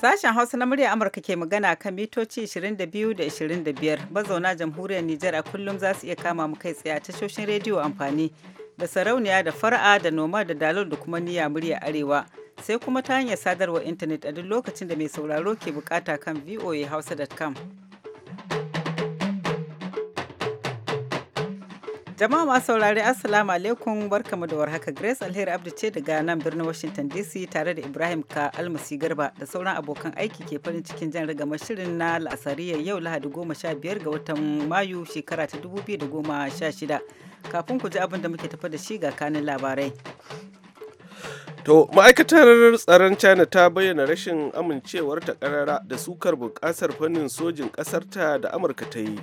Sashen Hausa na murya Amurka ke magana kan mitoci 22 da 25 mazauna jamhuriyar Nijar a kullum za su iya kama mu kai tsaye a tashoshin rediyo amfani da sarauniya da fara'a da noma da dalol da kuma niyya murya arewa sai kuma ta hanyar sadarwar intanet a duk lokacin da mai sauraro ke bukata kan voahausa.com. Jama'a masu saurari Assalamu alaikum barkamu da warhaka Grace Alheri Abdu ce daga nan birnin Washington DC tare da Ibrahim Ka Almasi Garba da sauran abokan aiki ke farin cikin jan rigama shirin na lasariya yau Lahadi goma sha biyar ga watan Mayu shekara ta da goma sha shida Kafin ku ji abinda muke tafa da shi ga kanin labarai. To, ma'aikatar tsaron China ta bayyana rashin amincewarta karara da sukar bukasar fannin sojin ta da Amurka ta yi.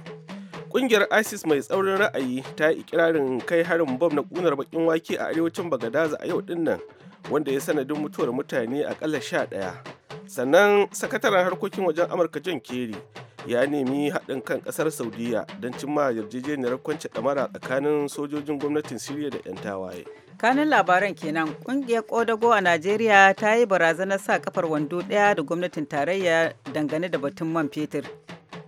Kungiyar ISIS mai tsaurin ra'ayi ta yi ikirarin kai harin bom na kunar bakin wake a arewacin Bagadaza a yau din nan wanda ya sanadin mutuwar mutane akalla sha ɗaya. Sannan sakataren harkokin wajen Amurka John Kerry ya nemi haɗin kan ƙasar Saudiya don cimma yarjejeniyar kwance ɗamara tsakanin sojojin gwamnatin Siriya da 'yan tawaye. kanin labaran kenan kungiyar kodago a najeriya ta yi barazanar sa kafar wando daya da gwamnatin tarayya dangane da batun man fetur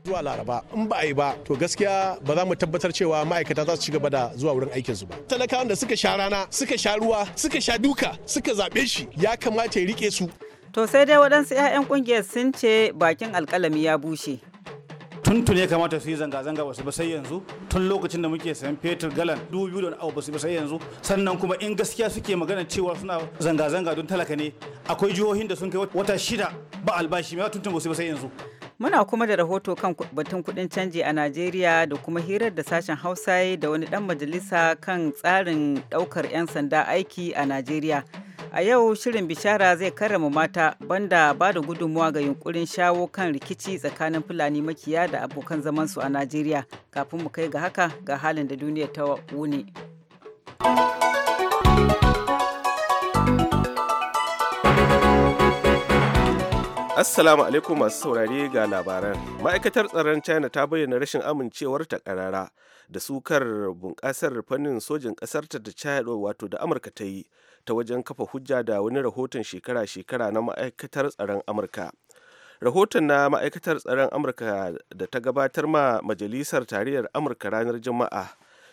zuwa laraba in ba a yi ba to gaskiya ba za mu tabbatar cewa ma'aikata za su ci gaba da zuwa wurin su ba talakawan da suka sha rana suka sha ruwa suka sha duka suka zaɓe shi ya kamata ya rike su to sai dai waɗansu 'ya'yan ƙungiyar sun ce bakin alƙalami ya bushe tuntune kamata su yi zanga-zanga ba su ba sai yanzu tun lokacin da muke sayan fetur galan dubu biyu da abu ba su ba sai yanzu sannan kuma in gaskiya suke magana cewa suna zanga-zanga don talaka ne akwai jihohin da sun kai wata shida ba albashi mai tuntun ba su ba sai yanzu Muna kuma da rahoto kan batun kudin canji a Najeriya da kuma hirar da sashen Hausa da wani dan majalisa kan tsarin daukar 'yan sanda aiki a Najeriya. A yau shirin bishara zai karrama mata banda ba da gudunmuwa ga yunkurin shawo kan rikici tsakanin Fulani makiya da abokan zamansu a Najeriya. Kafin mu kai ga haka ga halin da duniya ta wuni. Assalamu alaikum masu saurare ga labaran. Ma'aikatar tsaron China ta bayyana rashin amincewar ta karara da sukar bunƙasar fannin sojin ƙasarta da China wato da Amurka ta yi ta wajen kafa hujja da wani rahoton shekara-shekara na ma'aikatar tsaron Amurka. Rahoton na ma'aikatar tsaron Amurka da ta gabatar ma Majalisar Tarayyar Amurka ranar Juma'a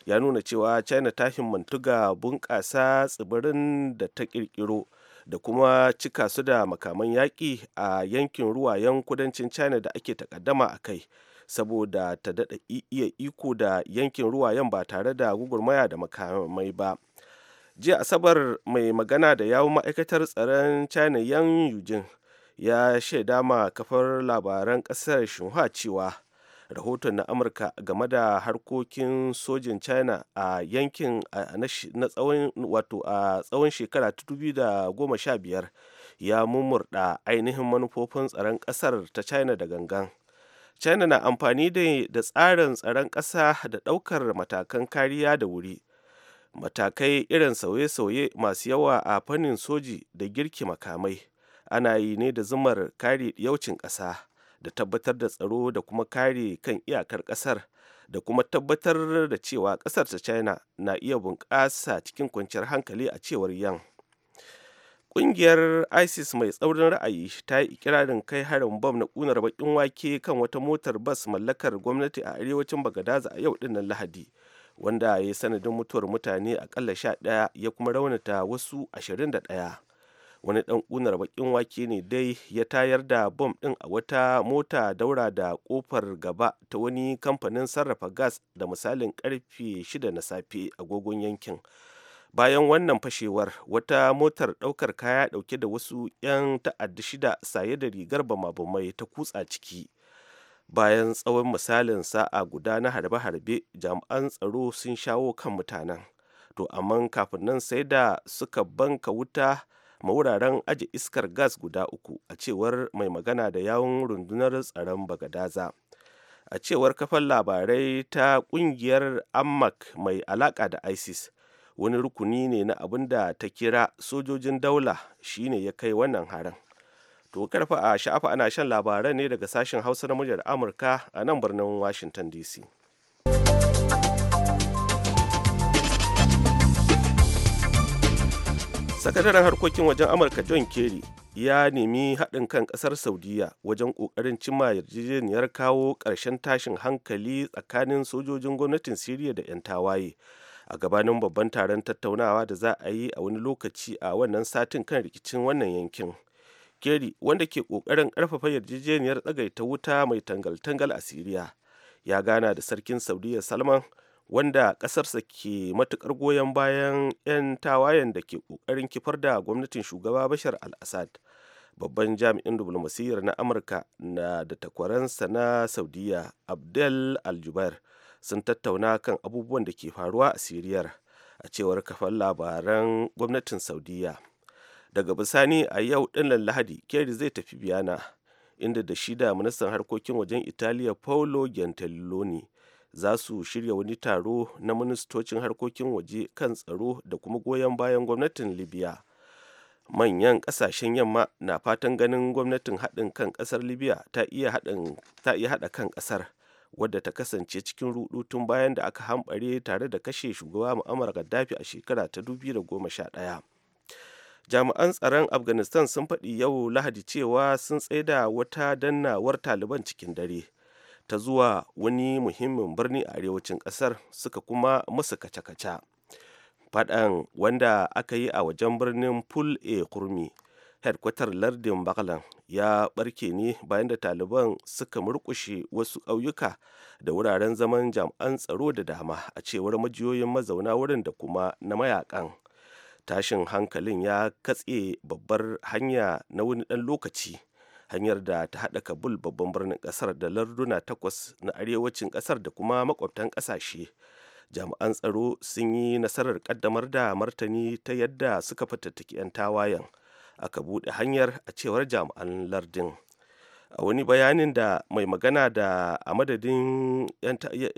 ya nuna cewa China ta himmantu ga bunƙasa tsibirin da ta ƙirƙiro. da kuma cika su da makaman yaƙi a yankin ruwayen kudancin china da ake takaddama a kai saboda ta daɗa iya iko da yankin ruwayen ba tare da gugurmaya da makamai ba jiya asabar mai magana da yawun ma'aikatar tsaron china yan yujin ya shaida ma kafar labaran ƙasar shinhua cewa rahoton na amurka game da harkokin sojin china a yankin na tsawon wato a tsawon shekara ta 2015 ya mummurda ainihin manufofin tsaron kasar ta china da gangan china na amfani da tsarin tsaron kasa da daukar matakan kariya da wuri matakai irin sauye-sauye masu yawa a fannin soji da girki makamai ana yi ne da zumar kari yaucin ƙasa da tabbatar da tsaro da kuma kare kan iyakar ƙasar da kuma tabbatar da cewa ƙasar ta china na iya bunƙasa cikin kwanciyar hankali a cewar yan ƙungiyar isis mai tsaurin ra'ayi ta yi ikirarin kai harin bam na ƙunar baƙin wake kan wata motar bas mallakar gwamnati a arewacin bagadaza a yau dinnan lahadi wanda ya yi sanadin mutuwar mutane akalla sha ɗaya ya kuma raunata wasu ashirin da ɗaya wani dan unar bakin wake ne dai ya tayar da bom din a wata mota daura da kofar gaba ta wani kamfanin sarrafa gas da misalin karfe shida na safe agogon yankin bayan wannan fashewar wata motar daukar kaya dauke da wasu 'yan ta'adda shida saye da rigar bama-bamai ta kutsa ciki bayan tsawon misalin sa'a guda na harbe-harbe jami'an tsaro sun shawo kan mutanen to amma kafin nan sai da suka banka wuta ma wuraren aji iskar gas guda uku a cewar mai magana da yawon rundunar tsaron bagadaza a cewar kafar labarai ta kungiyar ammak mai alaka da isis wani rukuni ne na abin da ta kira sojojin daula shine ya kai wannan harin to karfa a sha'afa ana shan labaran ne daga sashen hausa na muryar amurka a nan birnin washington dc sakataren harkokin wajen amurka john kerry ya nemi haɗin kan ƙasar saudiya wajen ƙoƙarin cimma yarjejeniyar kawo ƙarshen tashin hankali tsakanin sojojin gwamnatin siriya da 'yan tawaye a gabanin babban taron tattaunawa da za a yi a wani lokaci a wannan satin kan rikicin wannan yankin kerry wanda ke ƙoƙarin ƙarfafa yarjejeniyar tsagaita wuta mai tangal-tangal a siriya ya gana da sarkin saudiya salman wanda ƙasarsa ke matukar goyon bayan 'yan tawayen da ke ƙoƙarin kifar da gwamnatin shugaba bashar al-assad babban jami'in diplomasiyyar na amurka na da takwaransa na saudiya abdel aljubair sun tattauna kan abubuwan da ke faruwa a siriyar a cewar kafan labaran gwamnatin saudiya daga bisani a yau din lahadi kerry zai tafi biyana inda da shida ministan harkokin wajen italiya paolo gentiloni za su shirya wani taro na ministocin harkokin waje kan tsaro da kuma goyon bayan gwamnatin libya manyan kasashen yamma na fatan ganin gwamnatin haɗin kan kasar libya ta iya haɗa kan ƙasar wadda ta kasance cikin rudu tun bayan da aka hambare tare da kashe shugaba mu'amar gaddafi a shekara ta da sha ɗaya jami'an tsaron afghanistan sun faɗi yau lahadi cewa sun tsaida wata dannawar taliban cikin dare ta zuwa wani muhimmin birni a arewacin ƙasar suka kuma musu kaca-kaca faɗan wanda aka yi a wajen birnin pul e kurmi headquarter lardin bakalan ya barke ne bayan da taliban suka murkushe wasu ƙauyuka da wuraren zaman jam'an tsaro da dama a cewar majiyoyin mazauna wurin da kuma na mayakan tashin hankalin ya katse babbar hanya na wani ɗan lokaci hanyar da ta haɗa kabul babban birnin ƙasar da larduna takwas na arewacin ƙasar da kuma makwabtan ƙasashe jami'an tsaro sun yi nasarar ƙaddamar da martani ta yadda suka fatattaki 'yan tawayen aka buɗe hanyar a cewar jami'an lardin a wani bayanin da mai magana da a madadin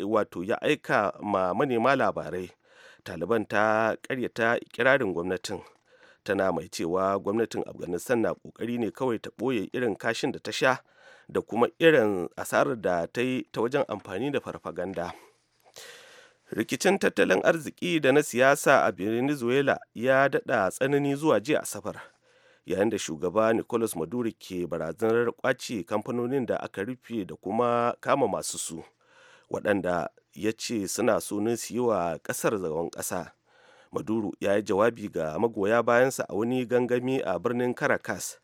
wato ya aika ma manema labarai taliban ta karyata ikirarin gwamnatin tana mai cewa gwamnatin afghanistan na kokari ne kawai ta ɓoye irin kashin da ta sha da kuma irin asarar da ta yi ta wajen amfani da farfaganda rikicin tattalin arziki da na siyasa a venezuela ya daɗa tsanani zuwa jiya safar yayin da shugaba nicolas maduro ke barazanar kwace kamfanonin da aka rufe da kuma kama masu su waɗanda ya ce suna sunan siyo wa ƙasar zagon ƙasa maduro ya yi jawabi ga magoya bayansa a wani gangami a birnin caracas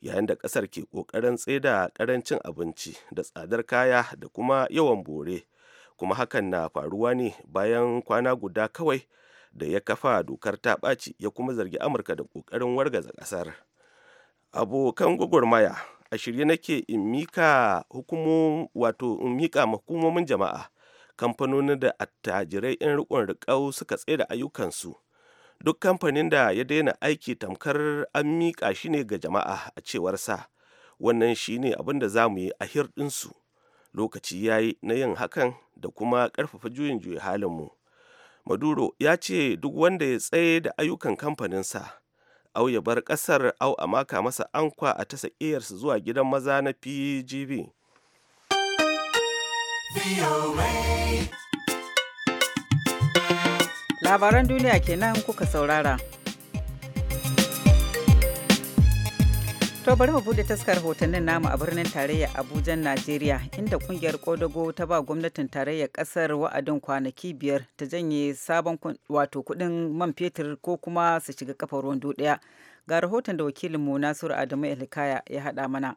yayin da kasar ke kokarin tsaida karancin abinci da tsadar kaya da kuma yawan bore kuma hakan na faruwa ne bayan kwana guda kawai da ya kafa dokar ta ɓaci ya kuma zargi amurka da kokarin wargaza kasar. abokan gwagwarmaya a shirye nake in mika hukumomin jama'a kamfanonin da attajirai 'yan rikon rikau suka tsaida ayyukansu duk kamfanin da ya daina aiki tamkar an miƙa shi ne ga jama'a a cewar sa wannan shi ne abin da za mu yi a hirɗinsu lokaci ya yi na yin hakan da kuma ƙarfafa juyin juya halinmu maduro ya ce duk wanda ya tsaye da ayyukan kamfaninsa au ya bar ƙasar au a maka masa ankwa a ta zuwa gidan maza na pgb Labaran duniya kenan kuka saurara. To bari mu bude taskar hotonnin namu a birnin tarayya Abuja, Najeriya, inda kungiyar Kodago ta ba gwamnatin tarayyar kasar wa'adin kwanaki biyar ta janye sabon wato kudin man fetur ko kuma su shiga kafa ruwan dudaya. Ga rahoton da wakilinmu Nasiru Adamu ilkaya ya haɗa mana.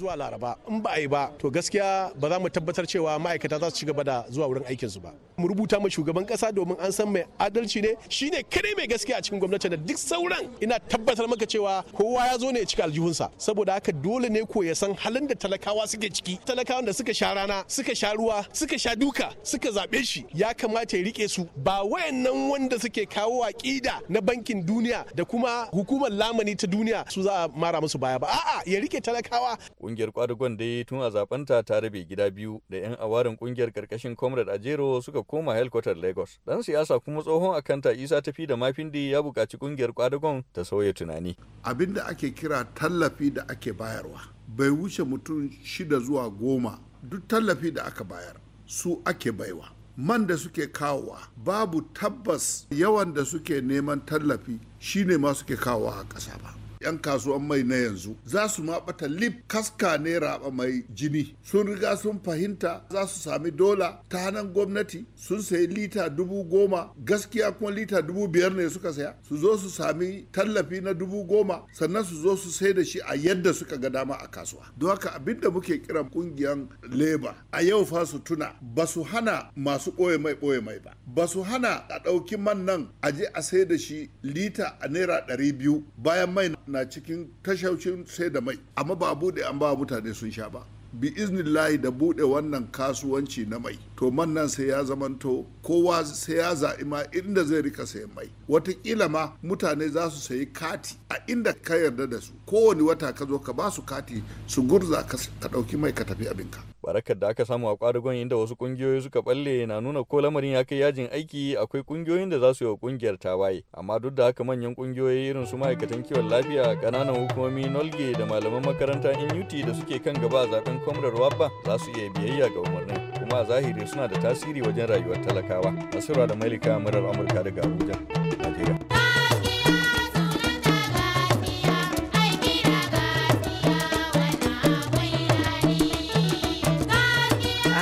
zuwa laraba in ba a yi ba to gaskiya ba za mu tabbatar cewa ma'aikata za su ci gaba da zuwa wurin aikinsu ba mu rubuta ma shugaban kasa domin an san mai adalci ne shine kadai mai gaskiya a cikin gwamnati da duk sauran ina tabbatar maka cewa kowa ya zo ne ya cika aljihunsa saboda haka dole ne ko ya san halin da talakawa suke ciki talakawan da suka sha rana suka sha ruwa suka sha duka suka zaɓe shi ya kamata ya rike su ba wayannan wanda suke kawo aƙida na bankin duniya da kuma hukumar lamani ta duniya su za a mara musu baya ba a'a ya rike talakawa ƙungiyar kwadugon dai tun a zabanta ta rabe gida biyu da 'yan awarin kungiyar karkashin Comrade Ajero suka koma helkwatar Lagos. Dan siyasa kuma tsohon akanta Isa Tafi da Mafindi ya buƙaci kungiyar kwadugon ta sauya tunani. Abin da ake kira tallafi da ake bayarwa bai wuce mutum shida zuwa goma duk tallafi da aka bayar su ake baiwa. Man da suke kawowa babu tabbas yawan da suke neman tallafi shine ma suke kawowa a ƙasa ba. 'yan kasuwan mai na yanzu za su ma bata lip kaska ne raba mai jini sun riga sun fahimta za su sami dola ta hannun gwamnati sun sayi lita dubu goma gaskiya kuma lita dubu biyar ne suka saya su zo su sami tallafi na dubu goma sannan su zo su sai da shi a yadda suka ga dama a kasuwa don haka abin da muke kiran kungiyan leba a yau fa su tuna ba su hana masu boye mai ɓoye mai ba ba su hana a ɗauki man nan a je a sai da shi lita a naira ɗari biyu bayan mai na na cikin tashoshin sai da mai amma ba bude an ba mutane sun sha ba bi iznillahi da bude wannan kasuwanci na mai to man nan sai ya zamanto kowa sai ya zaɓi ma inda zai rika sayan mai watakila ma mutane za su sayi kati a inda ka yarda da su kowane wata ka zo ka ba su kati su gurza ka ɗauki mai ka tafi abinka barakar da aka samu a kwadugon inda wasu kungiyoyi suka balle na nuna ko lamarin ya kai yajin aiki akwai kungiyoyin da za su yi wa kungiyar tawaye amma duk da haka manyan kungiyoyi irin su ma'aikatan kiwon lafiya kananan hukumomi nolge da malaman makaranta inuti da suke kan gaba a zaben komrar wabba za su iya biyayya ga umarnin kuma a zahiri suna da tasiri wajen rayuwar talakawa nasira da malika murar amurka daga abuja najeriya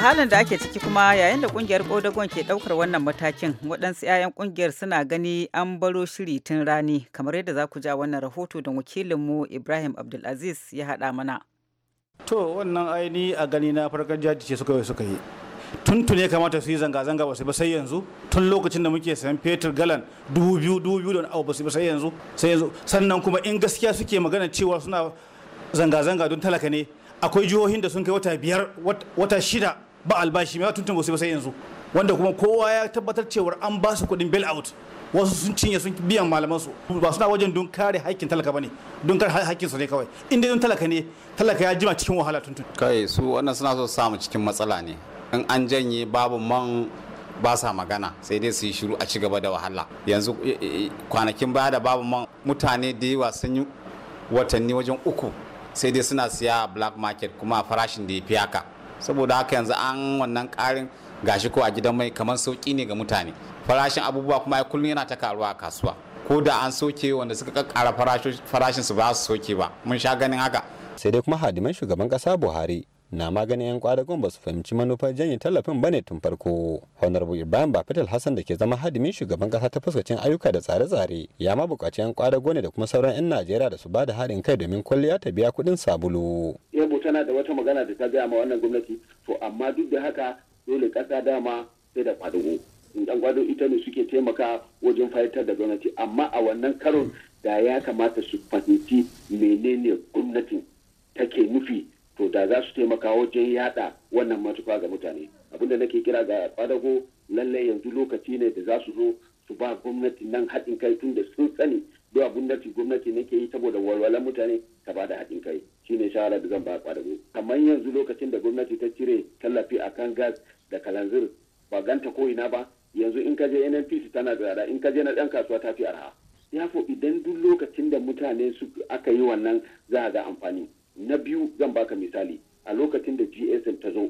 halin da ake ciki kuma yayin da kungiyar kodagon ke daukar wannan matakin waɗansu 'ya'yan kungiyar suna gani an baro shiri tun rani kamar yadda za ku ja wannan rahoto da wakilinmu ibrahim abdulaziz ya haɗa mana to wannan aini a gani na farkon jaji ce suka yi suka yi ya kamata su yi zanga-zanga ba sai yanzu tun lokacin da muke sayan fetur galan dubu biyu dubu biyu da abu ba sai yanzu sai yanzu sannan kuma in gaskiya suke magana cewa suna zanga-zanga don talaka ne akwai jihohin da sun kai wata biyar wata shida ba albashi mai tuntun ba sai yanzu wanda kuma kowa ya tabbatar cewar an ba su kuɗin bail out wasu sun cinye sun biyan malaman su ba suna wajen don kare haƙƙin talaka bane don kare haƙƙin su ne kawai in dai don talaka ne talaka ya jima cikin wahala tuntun kai su wannan suna so samu cikin matsala ne in an janye babu man ba sa magana sai dai su yi shiru a ci gaba da wahala yanzu kwanakin baya da babu man mutane da yawa sun yi watanni wajen uku sai dai suna siya black market kuma farashin da ya fi haka saboda haka yanzu an wannan karin gashi ko a gidan mai kamar sauki ne ga mutane farashin abubuwa kuma ya kullum yana ta karuwa a kasuwa ko da an soke wanda suka kakkara farashin su ba su soke ba mun sha ganin haka sai dai kuma hadiman shugaban kasa buhari na maganin 'yan kwadagon ba su fahimci manufar janye tallafin ba ne tun farko honorable ibrahim fitil hassan da ke zama hadimin shugaban kasa ta fuskacin ayyuka da tsare-tsare ya ma buƙaci 'yan kwadago ne da kuma sauran 'yan najeriya da su ba da haɗin kai domin kwalliya ta biya kuɗin sabulu. yabo tana da wata magana da ta gaya ma wannan gwamnati to amma duk da haka dole ƙasa dama sai da kwadago yan kwado ita ne suke taimaka wajen fahimtar da gwamnati amma a wannan karon da ya kamata su fahimci menene gwamnatin take nufi to da za su taimaka wajen yada wannan matuka ga mutane abinda nake kira ga kwadago lallai yanzu lokaci ne da za su zo su ba gwamnati nan haɗin kai tun da sun sani do abin gwamnati nake yi saboda walwalan mutane ta ba da haɗin kai shine shawara da zan ba kwadago kamar yanzu lokacin da gwamnati ta cire tallafi akan gas da kalanzir ba ganta ko ina ba yanzu in ka je NNPC tana in ka je na ɗan kasuwa ta fi arha yafo idan duk lokacin da mutane su aka yi wannan za a ga amfani na biyu zan baka misali a lokacin da gsm ta zo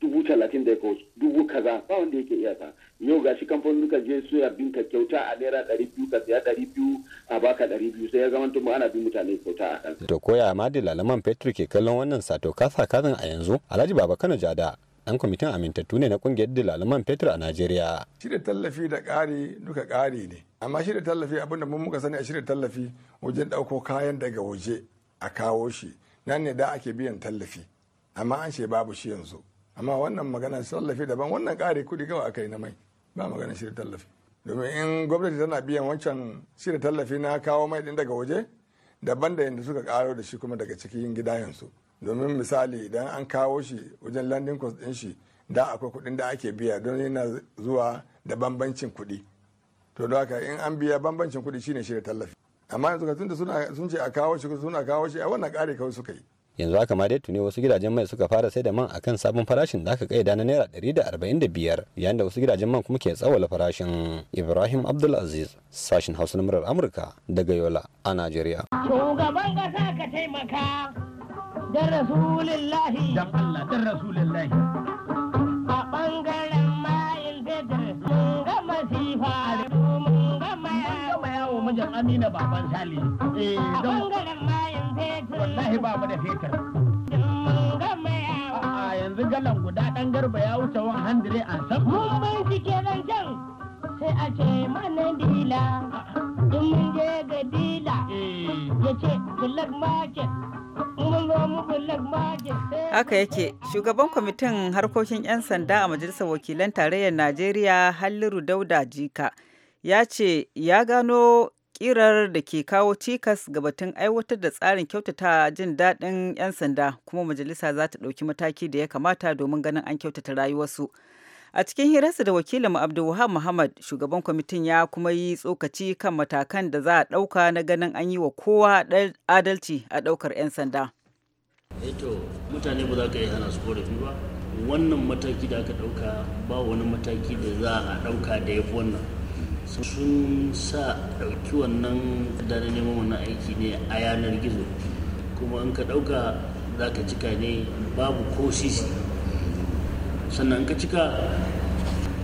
dubu talatin da ya dubu kaza ba wanda yake iya ta yau gashi kamfanin ka je suya bin ka kyauta a naira ɗari biyu ka siya ɗari biyu a baka ɗari biyu sai ya zama tun ana bin mutane kyauta a kan. to koya ma da lalaman petro ke kallon wannan sato kasa kazan a yanzu alhaji baba kano jada dan kwamitin amintattu ne na kungiyar da lalaman fetur a najeriya shirya tallafi da ƙari duka ƙari ne amma shirya tallafi abinda mun muka sani a shirya tallafi wajen ɗauko kayan daga waje a kawo shi nan ne da ake biyan tallafi amma an ce babu shi yanzu amma wannan magana tallafi daban wannan kare kudi gawa aka yi na mai ba magana shi tallafi domin in gwamnati tana biyan wancan da tallafi na kawo mai din daga waje daban da yadda suka karo da shi kuma daga cikin gida yanzu domin misali idan an kawo shi wajen landing cost din shi da akwai kuɗin da ake biya don yana zuwa da bambancin kuɗi to da haka in an biya bambancin kuɗi shine shirya tallafi amma yanzu tun da sun ce a kawo shi suna kawo shi a wannan kare kawai suka yi yanzu haka ma dai tuni wasu gidajen mai suka fara sai da man kan sabon farashin da aka kaida na naira 145 yayin da wasu gidajen man kuma ke tsawala farashin Ibrahim Abdulaziz sashin Hausa na murar Amurka daga Yola a Najeriya shugaban kasa ka taimaka dan rasulillahi dan Allah dan rasulillahi a bangaren mayin fetur mun ga masifa wajen amina baban sali eh don wallahi ba mu da fetur a yanzu galan guda dan garba ya wuce 100 an san mun ban cike nan jan sai a ce mana dila in mun je ga dila eh. ya ce black market Haka yake shugaban kwamitin harkokin 'yan sanda a Majalisar Wakilan Tarayyar Najeriya Halliru Dauda Jika ya ce ya gano kirar da ke kawo cikas ga batun aiwatar da tsarin kyautata jin daɗin 'yan sanda kuma majalisa za ta ɗauki mataki da ya kamata domin ganin an kyautata rayuwarsu a cikin hirarsa da wakilin abdulwahab muhammad shugaban kwamitin ya kuma yi tsokaci kan matakan da za a ɗauka na ganin an yi wa kowa adalci a ɗaukar 'yan sanda eh mutane ba za ka yi hana su korafi ba wannan mataki da aka ɗauka ba wani mataki da za a ɗauka da ya fi wannan sun sa ɗauki wannan da na neman wannan aiki ne a yanar gizo kuma in ka ɗauka za ka cika ne babu ko sisi sannan ka cika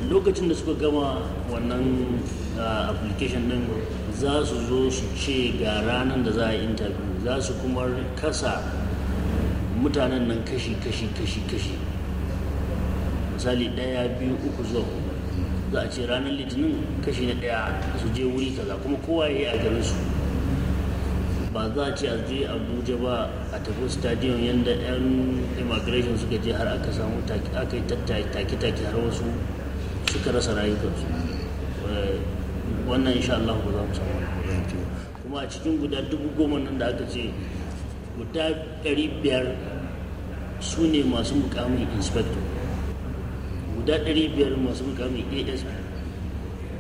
lokacin da suka gama wannan application din za su zo su ce ga ranar da za a interview za su kuma kasa mutanen nan kashi kashi kashi kashi misali ɗaya biyu uku zuwa za a ce ranar litinin kashi na ɗaya su je wuri kaza kuma kowa ya yi a garin su ba za a ce a je abuja ba a tafi stadium yadda 'yan immigration suka je har aka samu aka yi take-take har wasu suka rasa rayukansu eh, wannan insha Allah ba za mu samu kuma a cikin guda dubu goma nan da aka ce guda 500 biyar su ne masu mukamin inspector guda 500 masu mukamin asp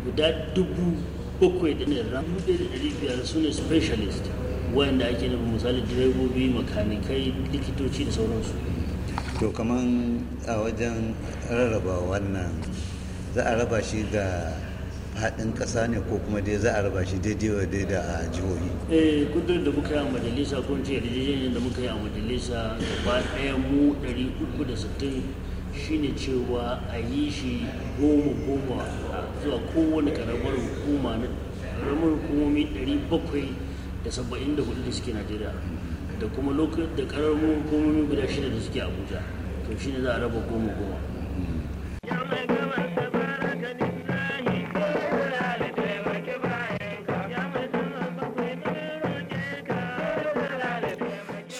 guda dubu bakwai da da biyar su ne specialist wanda ake nufin misali direbobi makanikai likitoci da sauransu to kaman a wajen rarraba wannan za a raba shi ga haɗin ƙasa ne ko kuma dai za a raba shi daidai wa daida a jihohi eh kudur da muka yi a majalisa ko ce yarjejeniyar da muka yi a majalisa gaba ɗaya mu 360 shine cewa a yi shi goma goma zuwa kowane karamar hukuma na karamar hukumomi 774 da suke najeriya da kuma lokacin da karamar hukumomi guda shida da suke abuja to shine za a raba goma goma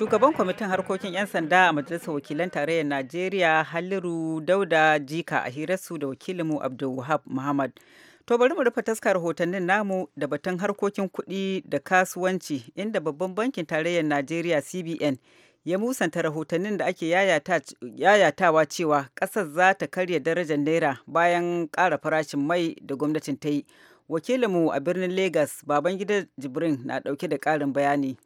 shugaban kwamitin harkokin 'yan sanda a majalisar wakilan tarayyar najeriya halliru dauda jika a hirarsu da wakilinmu abdulwahab muhammad to bari mu rufe taskar rahotannin namu da batun harkokin kuɗi da kasuwanci inda babban bankin tarayyar najeriya cbn ya musanta rahotannin da ake yayatawa cewa ƙasar za ta karya darajar naira bayan ƙara farashin mai da gwamnatin ta yi wakilinmu a birnin lagos babangida jibrin na ɗauke da ƙarin bayani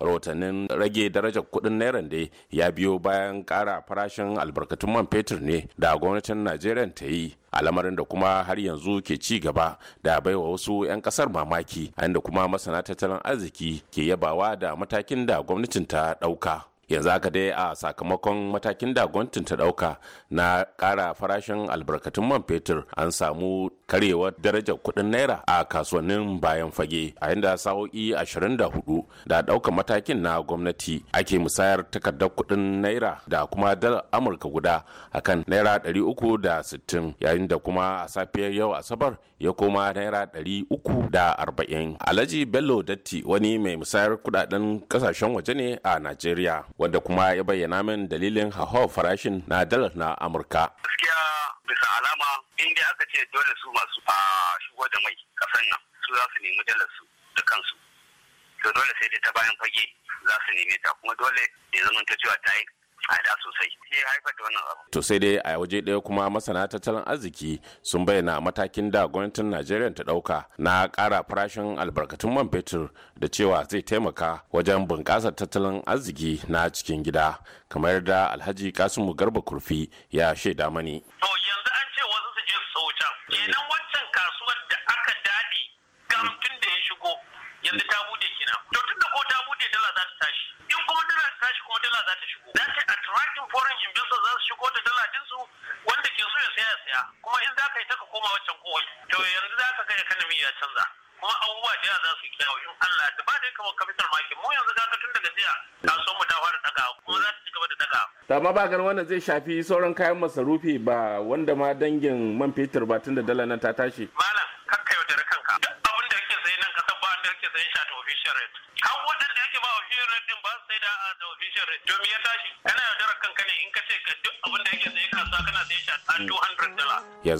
rahotannin rage darajar kudin naira da ya biyo bayan kara farashin albarkatun man fetur ne da gwamnatin najeriya ta yi a lamarin da kuma har yanzu ke ci gaba da baiwa wasu 'yan kasar mamaki inda kuma masana tattalin arziki ke yabawa da matakin da gwamnatin ta dauka. yanzu haka dai a sakamakon matakin da gwamnatin ta dauka na kara farashin albarkatun man fetur an samu karewar darajar kudin naira a kasuwannin bayan fage a inda sa'o'i 24 da dauka matakin na gwamnati ake musayar takardar kudin naira da kuma dalar amurka guda akan naira 360 yayin da kuma a safiyar yau asabar ya koma naira ɗari uku da arba'in alhaji bello datti wani mai musayar kudaden kasashen waje ne a najeriya wanda kuma ya bayyana min dalilin hauhawar farashin na dalar na amurka gaskiya bisa alama inda aka ce dole su masu a shigo da mai kasan nan su za su nemi dalar su da kansu to dole sai dai ta bayan fage za su nemi ta kuma dole ya zama ta cewa ta yi tsada sosai ne haifar da abu. To sai dai a waje ɗaya kuma masana tattalin arziki sun bayyana matakin da gwamnatin Najeriya ta ɗauka na ƙara farashin albarkatun man fetur da cewa zai taimaka wajen bunƙasar tattalin arziki na cikin gida kamar da Alhaji Kasimu Garba Kurfi ya shaida mani. To jiya za su kyawu in Allah ta ba da yanka kamar capital maki mu yanzu ga tun daga jiya so mu dawo da daga kuma za ta ci gaba da daga ta ma ba gan wannan zai shafi sauran kayan masarufi ba wanda ma dangin man fetur ba tun da dala nan ta tashi Ma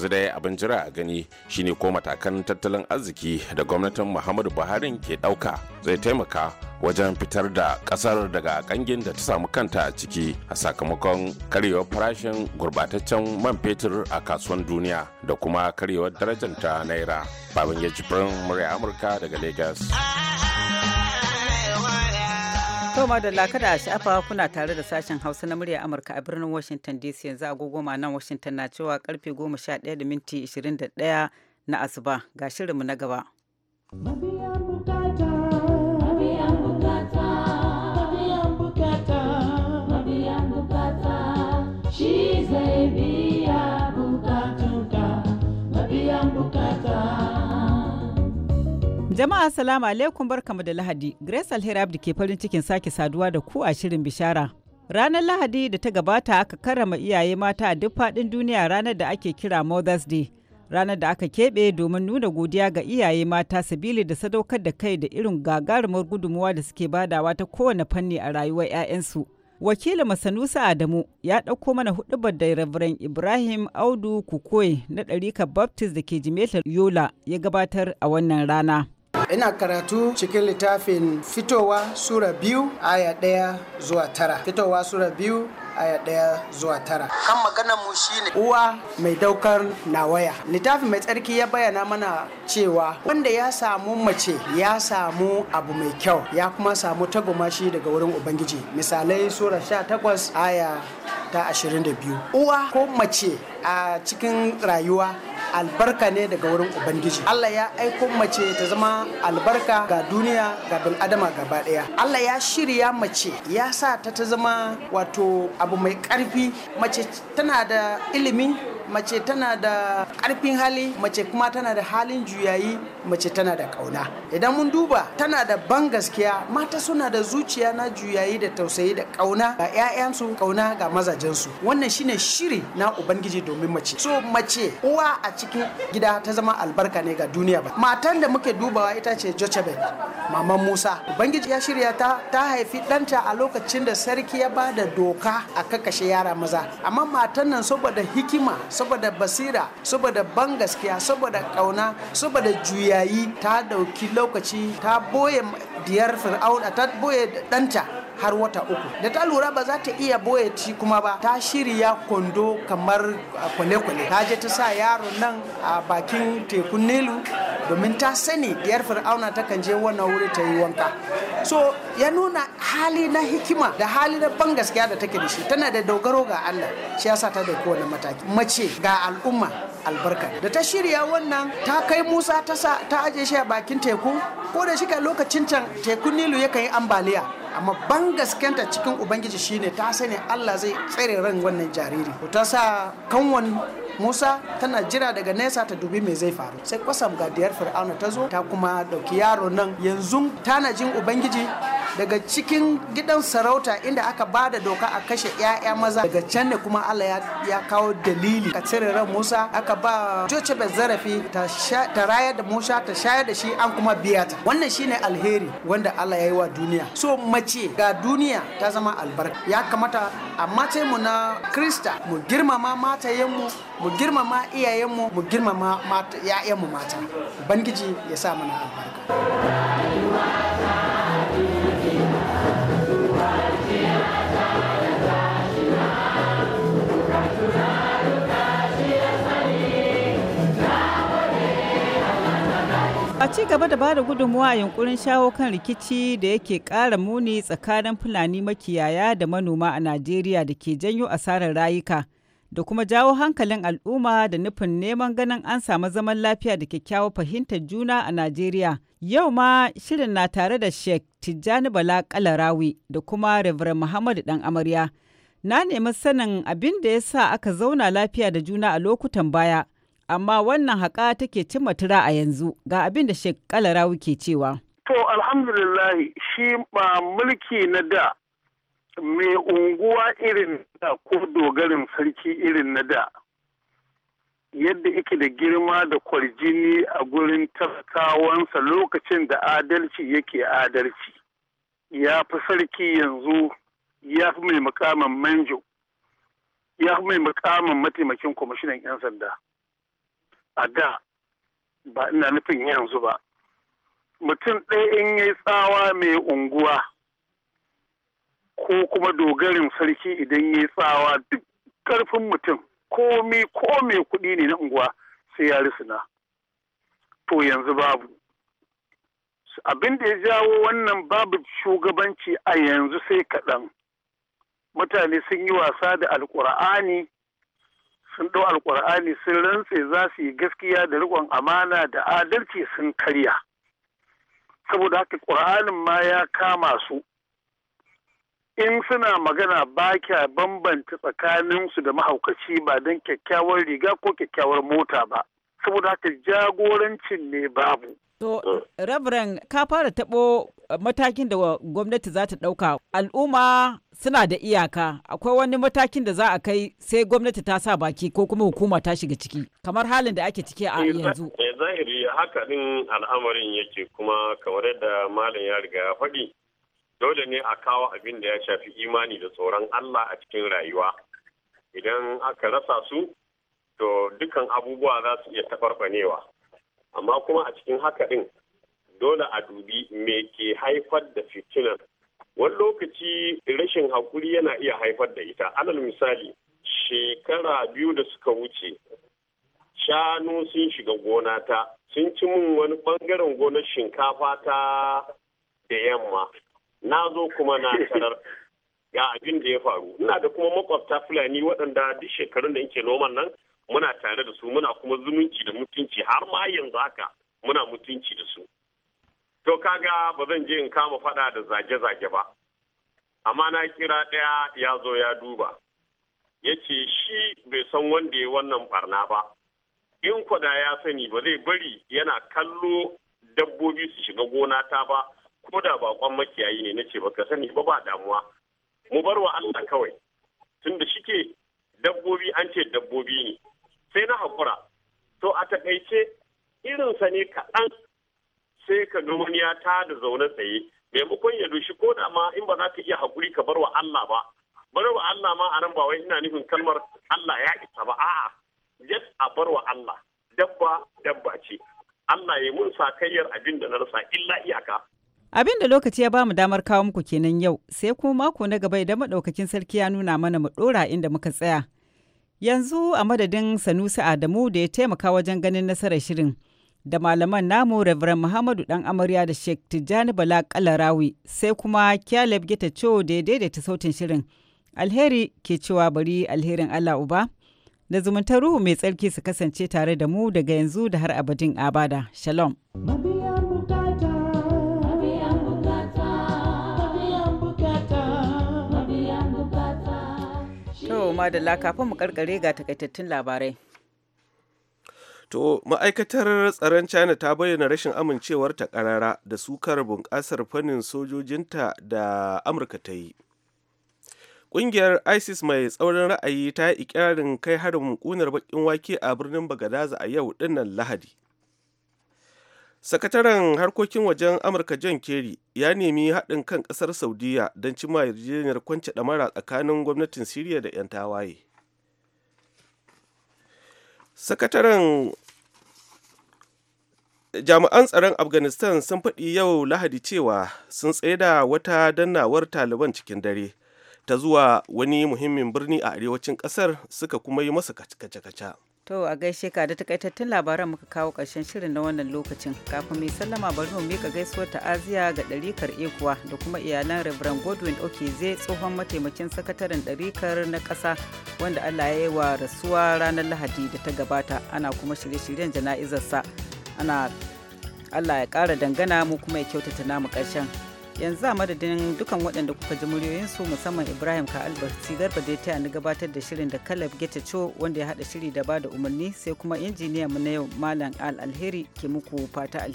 yanzu dai abin jira a gani shine ko matakan tattalin arziki da gwamnatin muhammadu buhari ke dauka zai taimaka wajen fitar da kasar daga kangin da ta samu kanta a ciki a sakamakon karyewar farashin gurbataccen man fetur a kasuwan duniya da kuma karyewar darajanta naira babin ya jibrin murya amurka daga lagos To da lakada a sha'afa kuna tare da sashen Hausa na murya Amurka a birnin Washington DC yanzu agogo nan Washington na cewa karfe 11:21 na asuba ga shirinmu na gaba. Jama'a salamu alaikum barkamu da Lahadi. Grace Alheri Abdi ke farin cikin sake saduwa da ku a shirin bishara. Ranar Lahadi da ta gabata aka karrama iyaye mata a duk faɗin duniya ranar da ake kira Mother's Day. Ranar da aka keɓe domin nuna godiya ga iyaye mata sabili da sadaukar da kai da irin gagarumar gudunmuwa da suke badawa ta kowane fanni a rayuwar 'ya'yansu. wakilin masanusa adamu ya ɗauko mana hudubar da rabiran ibrahim audu Kukoi na ɗarikar baptist da ke jimeta yola ya gabatar a wannan rana ina karatu cikin littafin fitowa sura biyu aya ɗaya zuwa tara fitowa sura biyu aya ɗaya zuwa tara. Kan magana mu shine. Uwa mai daukar waya. Littafin mai tsarki ya bayyana mana cewa wanda ya samu mace ya samu abu mai kyau ya kuma samu tagomashi daga wurin Ubangiji. Misalai Sura sha takwas aya ta ashirin da biyu. Uwa ko mace a cikin rayuwa albarka ne daga wurin ubangiji Allah ya aiko mace ta zama albarka ga duniya ga bin adama gaba daya Allah ya shirya mace ya sa ta ta zama wato abu mai karfi mace tana da ilimi mace tana da ƙarfin hali mace kuma tana da halin juyayi mace tana da ƙauna idan mun duba tana da ban gaskiya mata suna da zuciya na juyayi da tausayi da ƙauna ga 'ya'yansu ƙauna ga mazajensu wannan shine shiri na ubangiji domin mace so mace uwa a cikin gida ta zama albarka ne ga duniya ba matan da muke dubawa ita ce jochebed maman musa ubangiji ya shirya ta ta haifi ɗanta a lokacin da sarki ya ba da doka a kakashe yara maza amma matan nan saboda hikima saboda basira saboda ban gaskiya saboda kauna saboda juyayi ta dauki lokaci ta boye diyar fir'auna ta boye danta har wata uku da ta lura ba za ta iya boye ci kuma ba ta shirya kondo kamar kwale-kwale ta je ta sa yaro nan a bakin tekun nilu domin ta sani diyar fir'auna ta kan je wannan wuri ta yi wanka so ya nuna hali na hikima da hali na ban gaskiya da take da shi tana da dogaro ga Allah shi yasa ta da kowane mataki mace ga al'umma albarka da ta shirya wannan ta kai Musa ta aje shi a bakin teku ko da shi lokacin can tekun Nilu yakan yi ambaliya amma ban gaskenta cikin ubangiji shine ta sani Allah zai tsare ran wannan jariri ta sa kanwan Musa tana jira daga nesa ta dubi mai zai faru sai kwasam ga diyar Fir'auna ta zo ta kuma dauki yaro nan yanzu tana jin ubangiji daga cikin gidan sarauta inda aka ba da doka a kashe 'ya'ya maza daga can ne kuma Allah ya, kawo dalili a cire ran Musa aka ba bai zarafi ta, ta rayar da Musa ta shayar da shi an kuma biya ta wannan shine alheri wanda Allah ya yi wa duniya so mace ce ga duniya ta zama albarka ya kamata a mu na krista mu girmama matayenmu mu girmama iyayenmu mu girmama 'ya'yanmu mata ubangiji ya sa mana albarka ci gaba da bada gudunmuwa a yunkurin shawo kan rikici da yake kara muni tsakanin fulani makiyaya da manoma a najeriya da ke janyo asarar rayuka da kuma jawo hankalin al'umma da nufin neman ganin an samu zaman lafiya da kyakkyawar fahimtar juna a najeriya yau ma shirin na tare da sheikh tijjani bala kalarawi da kuma reverend muhammadu dan amarya na nemi sanin abin da ya sa aka zauna lafiya da juna a lokutan baya amma wannan haƙa take ci matura a yanzu ga abin da Sheikh Kalarawi ke cewa. To alhamdulillah, shi ba mulki na da mai unguwa irin da ko dogarin sarki irin na da yadda yake da girma da kwarjini a gurin tattawansa lokacin da adalci yake adalci ya fi sarki yanzu ya fi mai mukamin manjo ya fi mai mukamin mataimakin kwamishinan 'yan sanda a da ba ina nufin yanzu ba mutum ɗaya in yi tsawa mai unguwa ko kuma dogarin sarki idan ya yi tsawa duk ƙarfin mutum komi ko mai kuɗi ne na unguwa sai ya risina to yanzu babu abin da ya jawo wannan babu shugabanci a yanzu sai kaɗan mutane sun yi wasa da alkur'ani sun ɗau alkur'ani sun rantse za su yi gaskiya da riƙon amana da adalci sun karya saboda haka ƙur'anin ma ya kama su in suna magana ba kya bambanta tsakaninsu da mahaukaci ba don kyakkyawar riga ko kyakkyawar mota ba saboda haka jagorancin ne babu. To, Rabran, ka fara taɓo Eh, matakin da gwamnati za ta ɗauka al'umma suna da iyaka akwai wani matakin da za a kai sai gwamnati ta sa baki ko kuma hukuma ta shiga ciki kamar halin da ake ciki a eh, yanzu. Eh, zahiri haka din al'amarin yake kuma kamar yadda malam ya riga ya faɗi dole ne a kawo abin da ya shafi imani da tsoron Allah a cikin rayuwa idan aka rasa su to dukan abubuwa za su iya taɓarɓanewa amma kuma a cikin haka din dole a dubi me ke haifar da fitinar wani lokaci rashin hakuri yana iya haifar da ita alal misali shekara biyu da suka wuce shanu sun shiga gona ta sun ci min wani bangaren gonar shinkafa ta da yamma na zo kuma na tarar ga abin da ya faru ina da kuma makwabta fulani waɗanda duk shekarun da yake noman nan muna tare da su muna kuma zumunci da mutunci har ma yanzu haka muna mutunci da su to kaga ba zan je in kama faɗa da zage-zage ba amma na kira ɗaya ya zo ya duba ya ce shi bai san wanda ya wannan barna ba in kwada ya sani ba zai bari yana kallo dabbobi su shiga gona ta ba ko da bakon makiyayi ne na ce ba ka sani ba ba damuwa mu bar wa Allah kawai tunda shike dabbobi an ce dabbobi ne sai na haƙura. to a takaice irinsa ne kaɗan sai ka ga wani ya ta da zaune tsaye maimakon ya dushi ko da ma in ba za ka iya hakuri ka bar wa Allah ba bar wa Allah ma a nan ba wai ina nufin kalmar Allah ya isa ba a'a yadda a bar wa Allah dabba dabba ce Allah ya mun sakayyar abin da na rasa illa iyaka Abin da lokaci ya ba mu damar kawo muku kenan yau, sai kuma mako na gaba idan maɗaukacin sarki ya nuna mana mu ɗora inda muka tsaya. Yanzu a madadin Sanusi Adamu da ya taimaka wajen ganin nasarar shirin. da malaman namu Reverend Muhammadu Dan Amarya da Sheikh Tijjani Bala Kalarawi sai kuma Caleb Gita Cho da ya daidaita sautin shirin. Alheri ke cewa bari alherin Allah Uba da zumuntar ruhu mai tsarki su kasance tare da mu daga yanzu da har abadin abada. Shalom. To, madalla kafin mu karkare ga takaitattun labarai. To, ma'aikatar tsaron China ta bayyana rashin amincewar ta karara da sukar bunƙasar fannin sojojinta da Amurka ta yi. Ƙungiyar ISIS mai tsaurin ra'ayi ta yi ikirarin kai harin ƙunar baƙin wake a birnin Bagadaza a yau dinnan Lahadi. Sakataren harkokin wajen Amurka John Kerry ya nemi haɗin kan ƙasar Saudiya don cimma yarjejeniyar kwance ɗamara tsakanin gwamnatin Siriya da 'yan tawaye. sakataren jami'an tsaron afghanistan sun faɗi yau lahadi cewa sun da wata dannawar taliban cikin dare ta zuwa wani muhimmin birni a arewacin ƙasar suka kuma yi masa kace-kace to a gaishe ka da takaitattun labaran muka kawo ƙarshen shirin na wannan lokacin kafin mai sallama bari mu mika gaisuwar ta'aziya ga ɗarikar ekuwa da kuma iyalan reverend godwin zai tsohon mataimakin sakataren ɗarikar na ƙasa wanda allah ya yi wa rasuwa ranar lahadi da ta gabata ana kuma shirye-shiryen jana'izarsa ana Allah ya ƙara dangana mu kuma ya kyautata namu ƙarshen. Yanzu a madadin dukan waɗanda kuka ji muryoyinsu musamman Ibrahim ka albarci garba da ta ni gabatar da shirin da Caleb Getacho wanda ya haɗa shiri da ba da umarni sai kuma injiniya mu na yau Malam Al Alheri ke muku fata